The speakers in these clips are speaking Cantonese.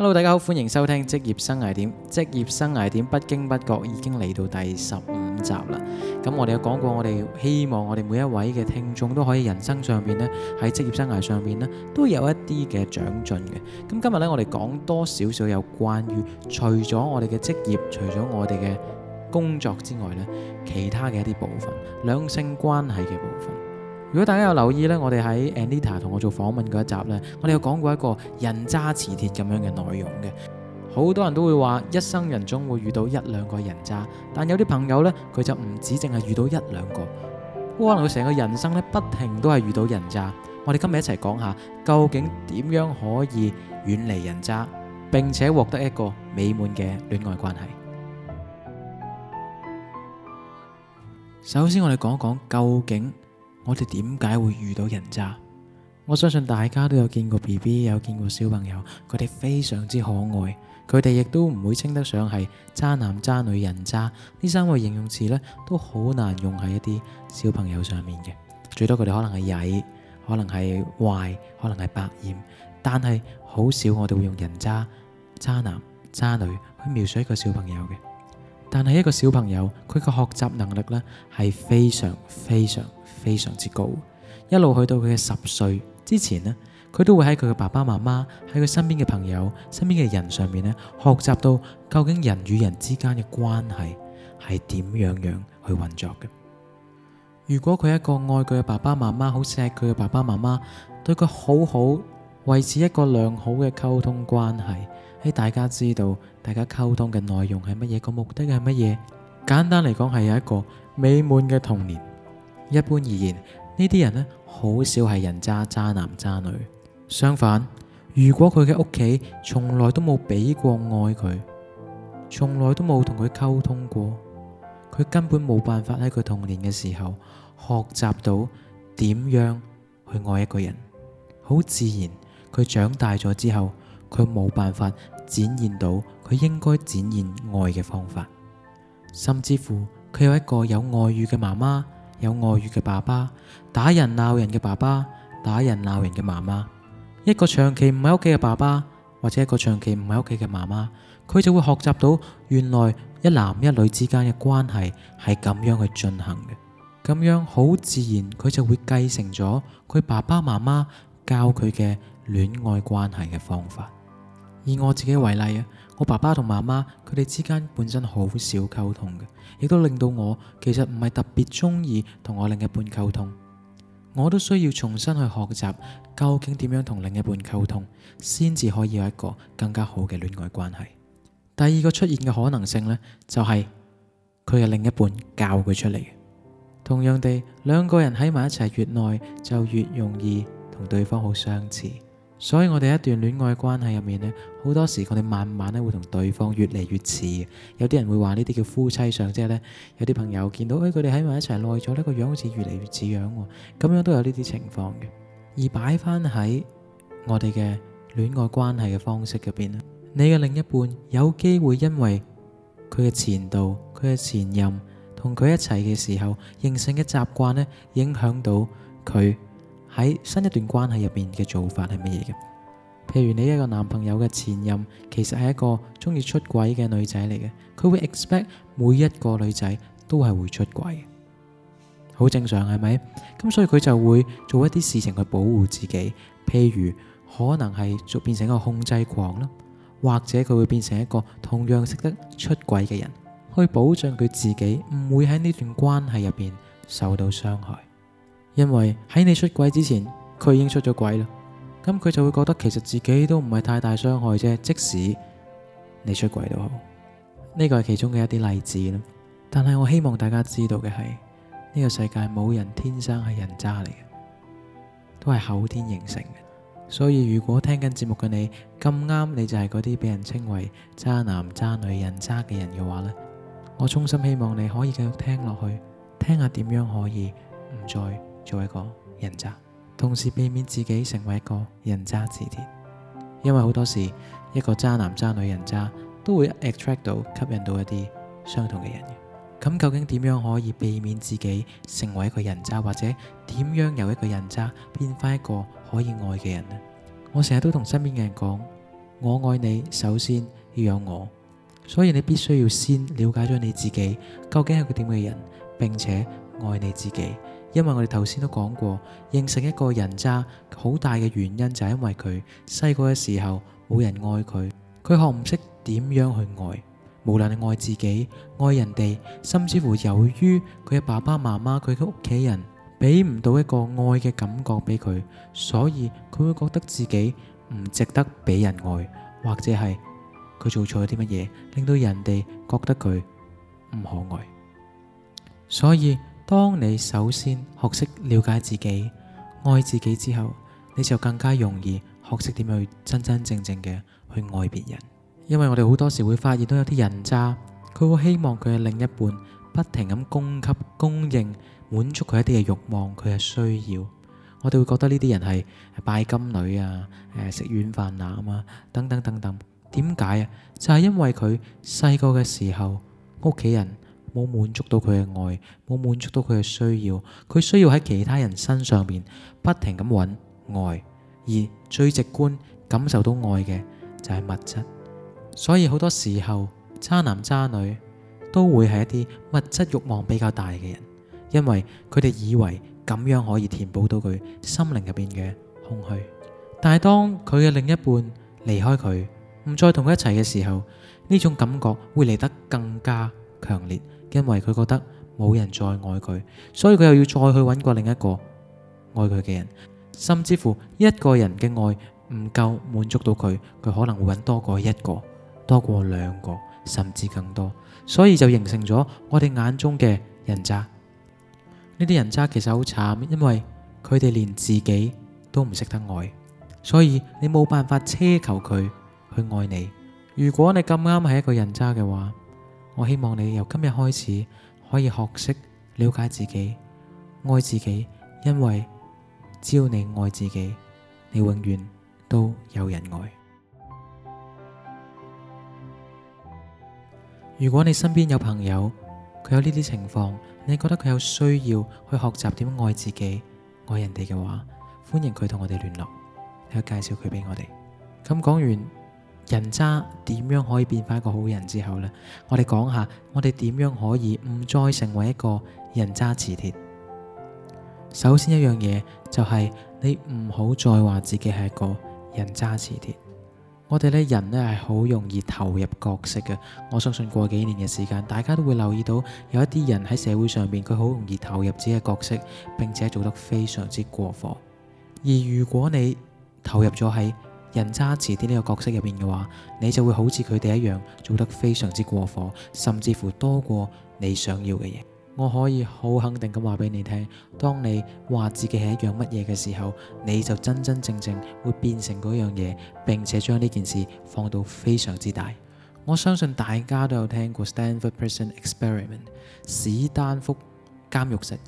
Hello，大家好，歡迎收聽職業生涯點，職業生涯點，不經不覺已經嚟到第十五集啦。咁我哋有講過，我哋希望我哋每一位嘅聽眾都可以人生上面呢，喺職業生涯上面呢，都有一啲嘅長進嘅。咁今日呢，我哋講多少少有關於除咗我哋嘅職業，除咗我哋嘅工作之外呢，其他嘅一啲部分，兩性關係嘅部分。如果大家有留意呢，我哋喺 Anita 同我做訪問嗰一集呢，我哋有講過一個人渣磁鐵咁樣嘅內容嘅，好多人都會話一生人中會遇到一兩個人渣，但有啲朋友呢，佢就唔止淨係遇到一兩個，可能佢成個人生呢，不停都係遇到人渣。我哋今日一齊講下究竟點樣可以遠離人渣，並且獲得一個美滿嘅戀愛關係。首先我哋講講究竟。我哋點解會遇到人渣？我相信大家都有見過 BB，有見過小朋友，佢哋非常之可愛。佢哋亦都唔會稱得上係渣男、渣女、人渣呢三個形容詞呢，都好難用喺一啲小朋友上面嘅。最多佢哋可能係曳，可能係壞，可能係百厭，但係好少我哋會用人渣、渣男、渣女去描述一個小朋友嘅。但係一個小朋友佢嘅學習能力呢，係非常非常，非常之高，一路去到佢嘅十歲之前呢，佢都會喺佢嘅爸爸媽媽，喺佢身邊嘅朋友，身邊嘅人上面呢，學習到究竟人與人之間嘅關係係點樣樣去運作嘅。如果佢一個愛佢嘅爸爸媽媽，好錫佢嘅爸爸媽媽，對佢好好，維持一個良好嘅溝通關係，喺大家知道，大家溝通嘅內容係乜嘢，個目的係乜嘢，簡單嚟講係有一個美滿嘅童年。一般而言，呢啲人呢，好少係人渣、渣男、渣女。相反，如果佢嘅屋企從來都冇俾過愛佢，從來都冇同佢溝通過，佢根本冇辦法喺佢童年嘅時候學習到點樣去愛一個人。好自然，佢長大咗之後，佢冇辦法展現到佢應該展現愛嘅方法，甚至乎佢有一個有外遇嘅媽媽。有外遇嘅爸爸，打人鬧人嘅爸爸，打人鬧人嘅媽媽，一個長期唔喺屋企嘅爸爸，或者一個長期唔喺屋企嘅媽媽，佢就會學習到原來一男一女之間嘅關係係咁樣去進行嘅。咁樣好自然，佢就會繼承咗佢爸爸媽媽教佢嘅戀愛關係嘅方法。以我自己為例啊。我爸爸同媽媽佢哋之間本身好少溝通嘅，亦都令到我其實唔係特別中意同我另一半溝通。我都需要重新去學習究竟點樣同另一半溝通，先至可以有一個更加好嘅戀愛關係。第二個出現嘅可能性呢，就係佢嘅另一半教佢出嚟嘅。同樣地，兩個人喺埋一齊越耐，就越容易同對方好相似。所以我哋一段戀愛關係入面呢，好多時我哋慢慢咧會同對方越嚟越似嘅。有啲人會話呢啲叫夫妻相，即係呢，有啲朋友見到，哎佢哋喺埋一齊耐咗呢個樣好似越嚟越似樣。咁樣都有呢啲情況嘅。而擺翻喺我哋嘅戀愛關係嘅方式入邊呢，你嘅另一半有機會因為佢嘅前度、佢嘅前任同佢一齊嘅時候形成嘅習慣呢，影響到佢。喺新一段關係入邊嘅做法係乜嘢嘅？譬如你一個男朋友嘅前任，其實係一個中意出軌嘅女仔嚟嘅，佢會 expect 每一個女仔都係會出軌嘅，好正常係咪？咁所以佢就會做一啲事情去保護自己，譬如可能係做變成一個控制狂啦，或者佢會變成一個同樣識得出軌嘅人，去保障佢自己唔會喺呢段關係入邊受到傷害。因為喺你出軌之前，佢已經出咗軌啦，咁佢就會覺得其實自己都唔係太大傷害啫，即使你出軌都好，呢個係其中嘅一啲例子啦。但係我希望大家知道嘅係，呢個世界冇人天生係人渣嚟嘅，都係後天形成嘅。所以如果聽緊節目嘅你咁啱，你就係嗰啲俾人稱為渣男、渣女、人渣嘅人嘅話呢，我衷心希望你可以繼續聽落去，聽下點樣可以唔再。做一個人渣，同時避免自己成為一個人渣磁鐵。因為好多時一個渣男、渣女人渣都會 attract 到吸引到一啲相同嘅人嘅。咁、嗯、究竟點樣可以避免自己成為一個人渣，或者點樣由一個人渣變翻一個可以愛嘅人咧？我成日都同身邊嘅人講，我愛你，首先要有我，所以你必須要先了解咗你自己究竟係個點嘅人，並且愛你自己。因為我哋頭先都講過，形成一個人渣好大嘅原因就係因為佢細個嘅時候冇人愛佢，佢學唔識點樣去愛，無論係愛自己、愛人哋，甚至乎由於佢嘅爸爸媽媽佢嘅屋企人俾唔到一個愛嘅感覺俾佢，所以佢會覺得自己唔值得俾人愛，或者係佢做錯咗啲乜嘢，令到人哋覺得佢唔可愛，所以。當你首先學識了解自己、愛自己之後，你就更加容易學識點樣去真真正正嘅去愛別人。因為我哋好多時會發現都有啲人渣，佢會希望佢嘅另一半不停咁供給、供應，滿足佢一啲嘅欲望、佢嘅需要。我哋會覺得呢啲人係拜金女啊、誒食軟飯男啊等等等等。點解啊？就係因為佢細個嘅時候屋企人，冇滿足到佢嘅愛，冇滿足到佢嘅需要，佢需要喺其他人身上面不停咁揾愛，而最直觀感受到愛嘅就係物質，所以好多時候渣男渣女都會係一啲物質欲望比較大嘅人，因為佢哋以為咁樣可以填補到佢心靈入邊嘅空虛。但係當佢嘅另一半離開佢，唔再同佢一齊嘅時候，呢種感覺會嚟得更加強烈。因為佢覺得冇人再愛佢，所以佢又要再去揾過另一個愛佢嘅人，甚至乎一個人嘅愛唔夠滿足到佢，佢可能會揾多過一個，多過兩個，甚至更多，所以就形成咗我哋眼中嘅人渣。呢啲人渣其實好慘，因為佢哋連自己都唔識得愛，所以你冇辦法奢求佢去愛你。如果你咁啱係一個人渣嘅話，我希望你由今日開始可以學識了解自己，愛自己，因為只要你愛自己，你永遠都有人愛。如果你身邊有朋友，佢有呢啲情況，你覺得佢有需要去學習點樣愛自己、愛人哋嘅話，歡迎佢同我哋聯絡，你有介紹佢俾我哋。咁講完。人渣點樣可以變翻一個好人之後呢？我哋講下我哋點樣可以唔再成為一個人渣磁鐵。首先一樣嘢就係你唔好再話自己係個人渣磁鐵。我哋呢人呢係好容易投入角色嘅。我相信過幾年嘅時間，大家都會留意到有一啲人喺社會上面，佢好容易投入自己嘅角色，並且做得非常之過火。而如果你投入咗喺人渣、遲啲呢個角色入邊嘅話，你就會好似佢哋一樣，做得非常之過火，甚至乎多過你想要嘅嘢。我可以好肯定咁話俾你聽，當你話自己係一樣乜嘢嘅時候，你就真真正正會變成嗰樣嘢，並且將呢件事放到非常之大。我相信大家都有聽過 Stanford Prison Experiment，史丹福監獄實驗。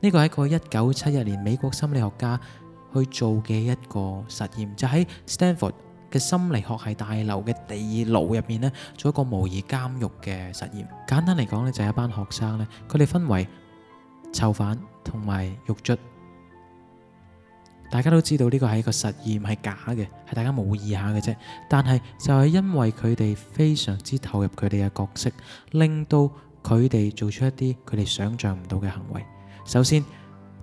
呢個係一個一九七一年美國心理學家。去做嘅一個實驗，就喺 Stanford 嘅心理學系大樓嘅地牢入面咧，做一個模擬監獄嘅實驗。簡單嚟講咧，就係一班學生咧，佢哋分為囚犯同埋獄卒。大家都知道呢個係一個實驗，係假嘅，係大家模擬下嘅啫。但係就係因為佢哋非常之投入佢哋嘅角色，令到佢哋做出一啲佢哋想象唔到嘅行為。首先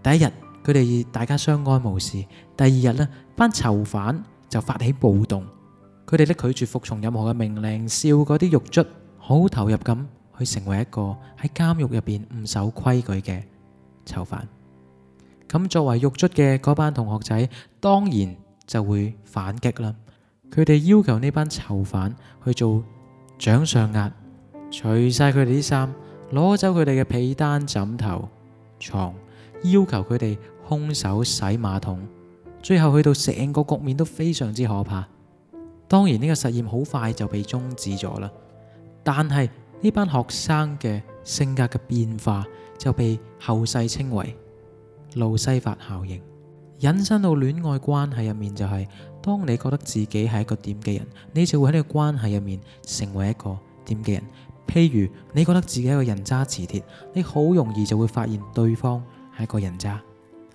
第一日。佢哋大家相安無事。第二日，呢班囚犯就發起暴動，佢哋都拒絕服從任何嘅命令，笑嗰啲獄卒好投入咁去成為一個喺監獄入邊唔守規矩嘅囚犯。咁作為獄卒嘅嗰班同學仔當然就會反擊啦。佢哋要求呢班囚犯去做掌上壓，除晒佢哋啲衫，攞走佢哋嘅被單枕頭床，要求佢哋。空手洗馬桶，最後去到成個局面都非常之可怕。當然呢個實驗好快就被終止咗啦。但係呢班學生嘅性格嘅變化就被後世稱為路西法效應。引申到戀愛關係入面，就是，就係當你覺得自己係一個點嘅人，你就會喺呢個關係入面成為一個點嘅人。譬如你覺得自己係一個人渣磁鐵，你好容易就會發現對方係一個人渣。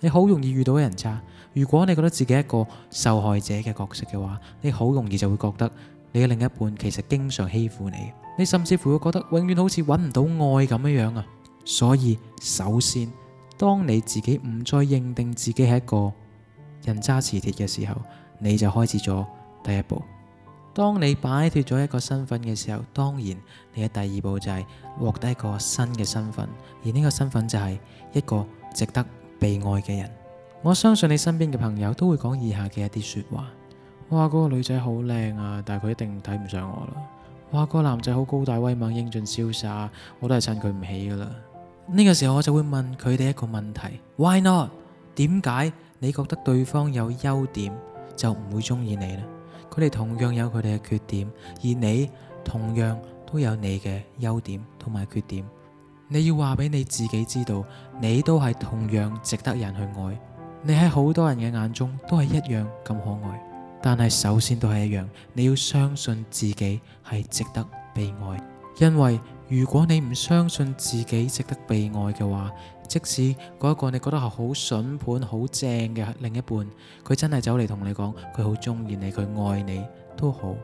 你好容易遇到人渣。如果你覺得自己係一個受害者嘅角色嘅話，你好容易就會覺得你嘅另一半其實經常欺負你。你甚至乎會覺得永遠好似揾唔到愛咁樣樣啊。所以首先，當你自己唔再認定自己係一個人渣磁鐵嘅時候，你就開始咗第一步。當你擺脫咗一個身份嘅時候，當然你嘅第二步就係獲得一個新嘅身份，而呢個身份就係一個值得被愛嘅人，我相信你身邊嘅朋友都會講以下嘅一啲說話：哇，嗰個女仔好靚啊，但係佢一定睇唔上我啦；哇，嗰個男仔好高大威猛、英俊瀟灑，我都係襯佢唔起噶啦。呢個時候我就會問佢哋一個問題：Why not？點解你覺得對方有優點就唔會中意你呢？佢哋同樣有佢哋嘅缺點，而你同樣都有你嘅優點同埋缺點。你要話俾你自己知道，你都係同樣值得人去愛。你喺好多人嘅眼中都係一樣咁可愛，但係首先都係一樣，你要相信自己係值得被愛。因為如果你唔相信自己值得被愛嘅話，即使嗰一個你覺得係好筍盤、好正嘅另一半，佢真係走嚟同你講佢好中意你、佢愛你都好，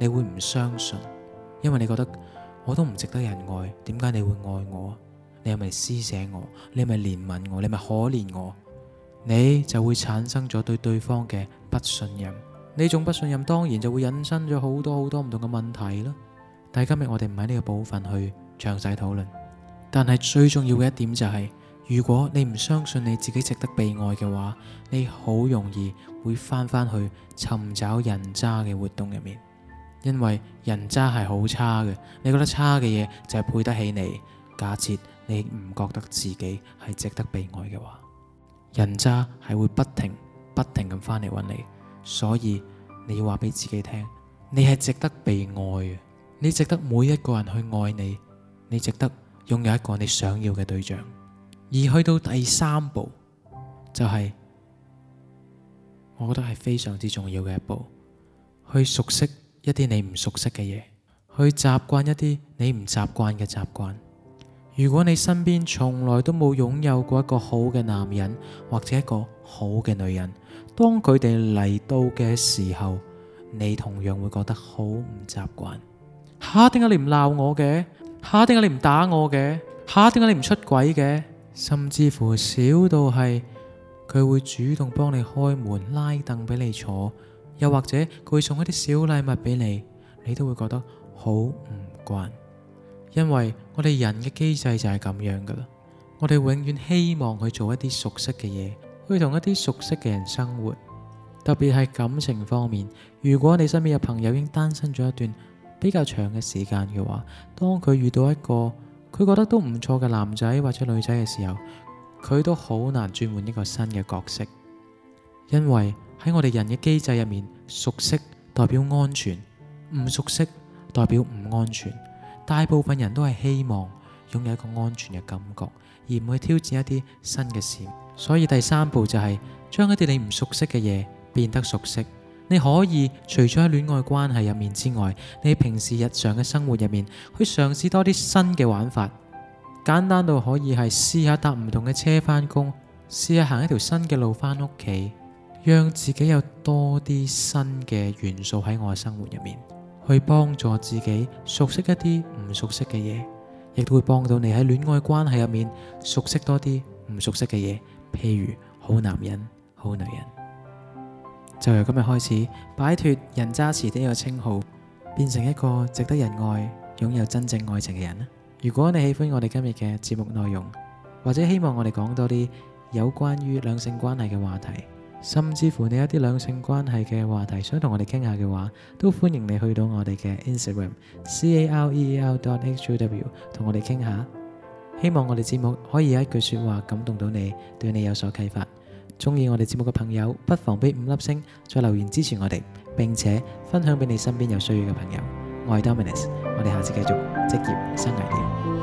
你會唔相信，因為你覺得。我都唔值得人愛，點解你會愛我？你係咪施捨我？你係咪憐憫我？你咪可憐我？你就會產生咗對對方嘅不信任。呢種不信任當然就會引申咗好多好多唔同嘅問題啦。但係今日我哋唔喺呢個部分去詳細討論。但係最重要嘅一點就係，如果你唔相信你自己值得被愛嘅話，你好容易會翻返去尋找人渣嘅活動入面。因為人渣係好差嘅，你覺得差嘅嘢就係配得起你。假設你唔覺得自己係值得被愛嘅話，人渣係會不停不停咁翻嚟揾你，所以你要話俾自己聽，你係值得被愛嘅，你值得每一個人去愛你，你值得擁有一個你想要嘅對象。而去到第三步就係、是，我覺得係非常之重要嘅一步，去熟悉。一啲你唔熟悉嘅嘢，去習慣一啲你唔習慣嘅習慣。如果你身邊從來都冇擁有過一個好嘅男人，或者一個好嘅女人，當佢哋嚟到嘅時候，你同樣會覺得好唔習慣。吓、啊，點解你唔鬧我嘅？吓、啊，點解你唔打我嘅？吓、啊，點解你唔出軌嘅？甚至乎少到係佢會主動幫你開門、拉凳俾你坐。又或者佢會送一啲小禮物俾你，你都會覺得好唔慣，因為我哋人嘅機制就係咁樣噶啦，我哋永遠希望去做一啲熟悉嘅嘢，去同一啲熟悉嘅人生活，特別係感情方面。如果你身邊嘅朋友已經單身咗一段比較長嘅時間嘅話，當佢遇到一個佢覺得都唔錯嘅男仔或者女仔嘅時候，佢都好難轉換一個新嘅角色。因為喺我哋人嘅機制入面，熟悉代表安全，唔熟悉代表唔安全。大部分人都係希望擁有一個安全嘅感覺，而唔會挑戰一啲新嘅事。所以第三步就係、是、將一啲你唔熟悉嘅嘢變得熟悉。你可以除咗喺戀愛關係入面之外，你喺平時日常嘅生活入面去嘗試多啲新嘅玩法。簡單到可以係試下搭唔同嘅車返工，試下行一條新嘅路返屋企。讓自己有多啲新嘅元素喺我嘅生活入面，去幫助自己熟悉一啲唔熟悉嘅嘢，亦都會幫到你喺戀愛關係入面熟悉多啲唔熟悉嘅嘢，譬如好男人、好女人。就由今日開始，擺脫人渣磁鐵嘅稱號，變成一個值得人愛、擁有真正愛情嘅人啦。如果你喜歡我哋今日嘅節目內容，或者希望我哋講多啲有關於兩性關係嘅話題。甚至乎你有一啲兩性關係嘅話題，想同我哋傾下嘅話，都歡迎你去到我哋嘅 Instagram Career.how，同我哋傾下。希望我哋節目可以有一句說話感動到你，對你有所啟發。中意我哋節目嘅朋友，不妨俾五粒星，再留言支持我哋，並且分享俾你身邊有需要嘅朋友。我係 Dominus，我哋下次繼續職業生涯。